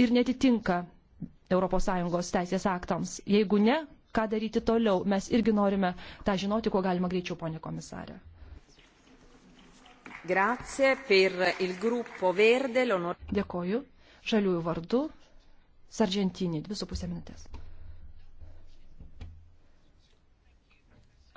ir netitinka ES teisės aktams. Jeigu ne, ką daryti toliau? Mes irgi norime tą žinoti, kuo galima greičiau, ponė komisarė. Verde, Dėkoju. Žaliųjų vardu. Sargentinį, dvi su pusė minutės.